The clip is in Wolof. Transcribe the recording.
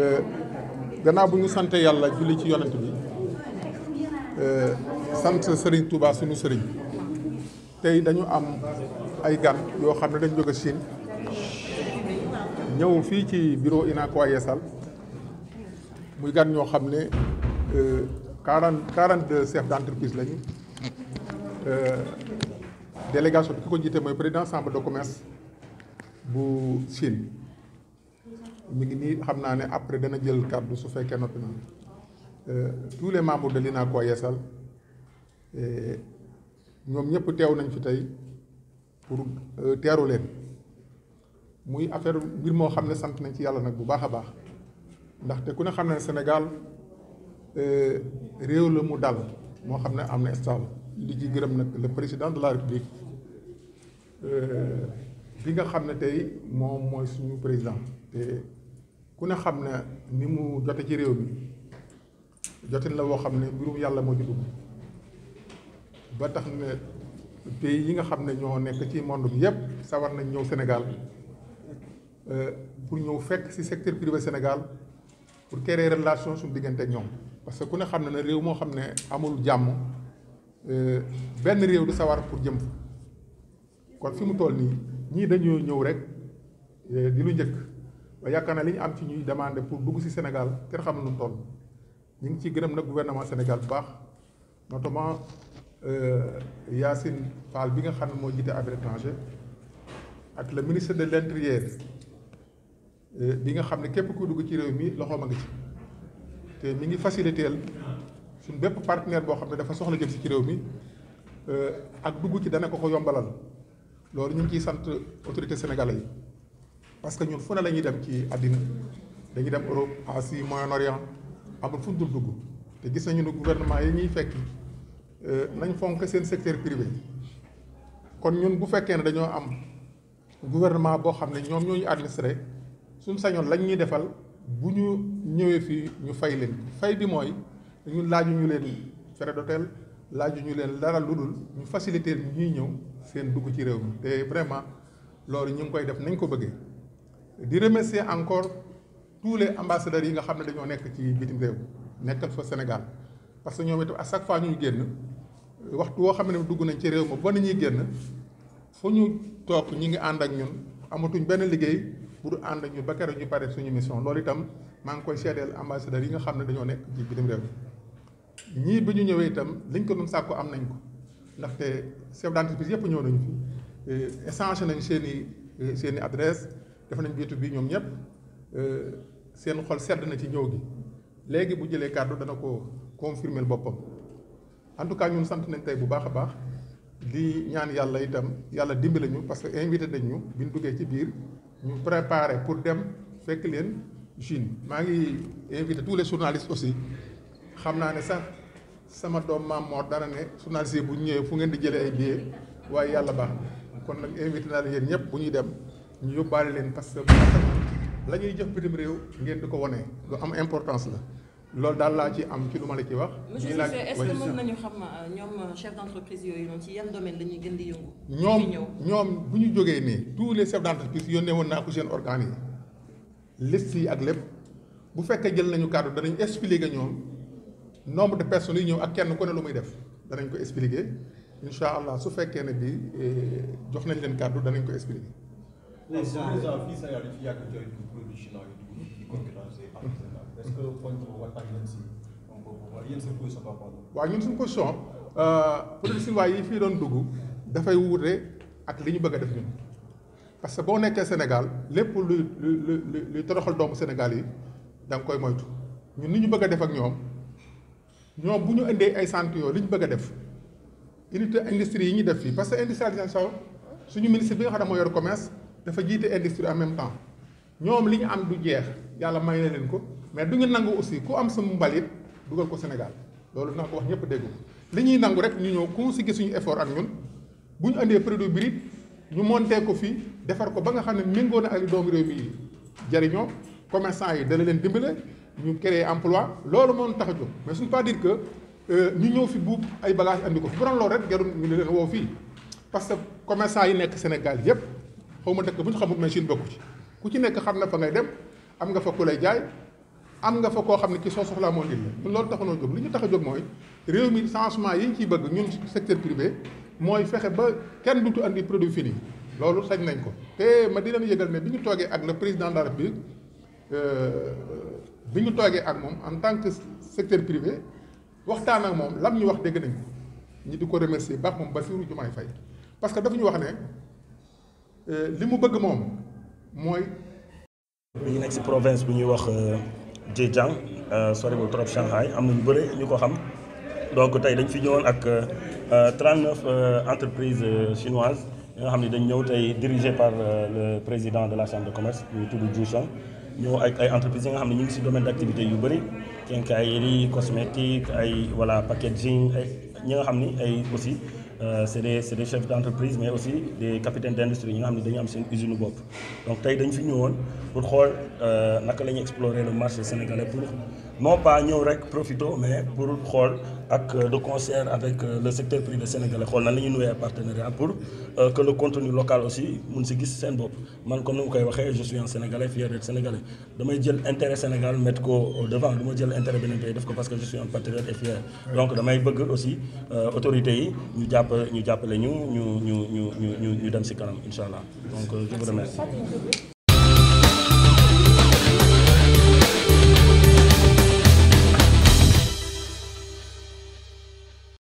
Euh, gannaaw bu ñu sante yàlla julli ci yonent bi euh, sant Serigne Touba sunu Serigne tey dañu am ay gan yoo xam ne dañ jóge Chine ñëw fii ci bureau UNACOIS Yeessal muy gan ñoo xam ne euh, quarante quarante deux chefs d'entreprise lañu délégation bi ki ko jiite mooy président chambre de commerce bu Chine. mi ngi nii xam naa ne après dana jël kàddu su fekkee noppi na euh, tous les membres de l'INACO Yeesal euh, ñoom ñëpp teew nañ fi tey pour euh, teeru leen muy affaire mbir moo xam ne sant nañ ci yàlla nag bu baax a baax ndaxte ku ne xam ne Sénégal réew la mu dal moo xam ne am na stable li ci gërëm nag le président de la république bi nga xam ne tey moom mooy suñu président te ku ne xam na ni mu jote ci réew mi jotin la woo xam ne mbirum yàlla moo ci dugg ba tax na pays yi nga xam ne ñoo nekk ci monde bi yépp sawar nañ ñëw Sénégal euh, pour ñëw fekk ci secteur privé Sénégal pour créer relation suñu diggante ñoom parce que ku ne xam ne na réew moo xam ne amul jàmm euh, benn réew du sawar pour jëm kon fi mu tool nii ñii dañoo ñëw rek euh, di lu njëkk ba yaakaar na li ñu am ci ñuy demandé pour dugg ci Sénégal kenn xam na lu toll ñu ngi ciy gërëm nag gouvernement Sénégal bu baax notamment euh, Yacine Fall bi nga xam ne moo jiite affaires étrangères ak la ministre de l' intérieur euh, bi nga xam ne képp ku dugg ci réew mi loxoom a ngi ci te mi ngi faciliteel suñ bépp partenaire boo xam ne dafa soxla jëm si ci réew mi euh, ak dugg ci dana ko yombalal loolu ñu ngi ciy sant autorité sénégalais yi. parce que ñun fu ne la ñuy dem ci àddina dañuy dem Europe Asie Moyen-Orient amul fu dul dugg te gis nañu ne gouvernement yi ñuy fekk euh, nañ fonk seen secteur privé kon ñun bu fekkee ne dañoo am gouvernement boo xam ne ñoom ñooñu ñu administré suñ sañoon lañ ñuy defal bu ñu ñëwee fii ñu fay leen fay bi mooy ñun laaju ñu leen frais laaj laaju ñu leen laral lu dul ñu faciliter ñuy ñëw seen dugg ci réew mi te vraiment loolu ñu ngi koy def nañ ko bëggee. di remercier encore tous les ambassadeurs yi nga xam ne dañoo nekk ci bitim réew nekkal fa Sénégal parce que ñoom itam à chaque fois ñuy génn waxtu woo xam ne dugg nañ ci réew ma ba ñuy génn foo ñu toog ñu ngi ànd ak ñun amatuñ benn liggéey pour ànd ak ñun ba keroog ñu pare suñu mission loolu itam maa ngi koy seedeel ambassadeurs yi nga xam ne dañoo nekk ci bitim réew ñii bi ñu ñëwee itam liñ ko doon sàkku am nañ ko ndaxte chef d'entreprise yëpp ñëw nañu fi nañ seen i seen def nañ biitu bii ñoom ñëpp euh, seen xol sedd na ci ñëw gi léegi bu jëlee kàddu dana ko confirmer boppam en tout cas ñun sant nañ tey bu baax a baax di ñaan yàlla itam yàlla dimbale ñu parce que invité nañ ñu bi ñu duggee ci biir ñu préparé pour dem fekk leen Chine maa ngi invité tous les journalistes aussi xam naa ne sax sama doom maam moo dara ne journaliste yi bu ñu ñëwee fu ngeen di jëlee ay bii waaye yàlla baax kon nag invité naa leen yéen ñëpp bu ñuy dem. ñu yóbbaale leen parce que bu la ñuy jox bitim réew ngeen di ko wane lu am importance la loolu daal laa ci am ci lu ma la ci wax. monsieur Cissé est-ce que mën nañu xam euh, ñoom euh, chef d'entreprise yooyu noonu ci yan domaine lañuy gën di yëngu. ñoom ñoom bu ñu jógee nii tous les chefs d'entreprise yónnee woon naa ko seen organes yi liste yi ak lépp bu fekkee jël nañu kàddu danañ expliquer ñoom nombre de personnes yi ñëw ak kenn ko ne lu muy def danañ ko expliquer incha allah su fekkee ne bi eh, jox nañ leen kàddu danañ ko expliquer. président fii Sénégal yi fi yàgg jooy produit si moom boobu yéen seen position par rapport waaw ñun suñu position euh, produit yi fii doon dugg dafay wuute ak li ñu bëgg a def ñun parce que boo nekkee Sénégal lépp luy luy luy toroxal doomu Sénégal yi da koy moytu ñun ni ñu bëgg a def ak ñoom ñoom bu ñu indee ay centres li ñu bëgg def unité industrie yi ñu def fii parce que industrialisation suñu ministre bi nga xam ne moo yor commerce dafa jiite industrie en même temps ñoom li ñu am du jeex yàlla may na leen ko mais du ñu nangu aussi ku am sa mbalit dugal ko Sénégal loolu na ko wax ñëpp dégg li ñuy nangu rek ñu ñëw consigner suñu effort ak ñun bu ñu andee produit brut ñu monté ko fii defar ko ba nga xam ne méngoo na ak doomu réew mi yi jariñoo commerçant yi dana leen dimbale ñu créer emploi loolu moo tax a jóg mais suñu pas dire que euh, ñu ñëw fi buub ay bagages andi ko fi rek jarul ñu fii parce que commerçant yi nekk Sénégal yëpp. xaw ma dëkk bu ñu xamul mais Chine bokku ci ku ci nekk xam na fa ngay dem am nga fa ku lay jaay am nga fa koo xam ne ci soo soxlaa moo ndil la loolu noo jóg li ñu tax a jóg mooy réew mi changement yi ñu bëgg ñun secteur privé mooy fexe ba kenn dutu andi produit fini loolu sañ nañ ko te ma di leen yëgal ne bi ñu toogee ak le président de la république euh, bi ñu toogee ak moom en tant que secteur privé waxtaan ak moom lam ñu wax dégg nañ ko ñi di ko remercier baax moom Bassirou Diomaye Faye parce que dafa ñu wax ne Euh, li mu bëgg moom mooy. bi ñu nekk si province bu ñuy wax Zhejiang euh, euh, soriwul trop Shanghai am na ñu bëri ñu ko xam donc tey dañ fi ñëwoon ak 39 entreprises chinoises yi nga xam ne dañ ñëw tey dirigé par le président de la chambre de commerce ñu tudd Zhu Sheng ñëw ay entreprises yi nga xam ne ñu ngi si domaine d' yu yu bëri quincaillerie cosmétique ay voilà packaging ay ñi nga xam ni ay aussi. Euh, c'est des c'est des chefs d'entreprise mais aussi des capitaines d'industrie ñi nga xam ne dañu am seen usine bopp donc tey dañ fi ñëwoon pour xool euh, naka la ñuy explorer le marché sénégalais pour moo pas ñëw rek profito mais pour xool ak de euh, concert avec euh, le secteur privé sénégalais xool nan la ñuy nuyee partenariat pour euh, que le contenu local aussi mun si gis seen bopp man comme ni mu koy waxee je suis un sénégalais fier d'être sénégalais damay jël intérêt Sénégal mettre ko au devant du ma jël intérêt beneen pays def ko parce que je suis un patriote et fier donc damay bëgg aussi autorités yi ñu jàpp ñu jàppale ñu ñu ñu ñu ñu ñu dem si kanam incha allah donc je vous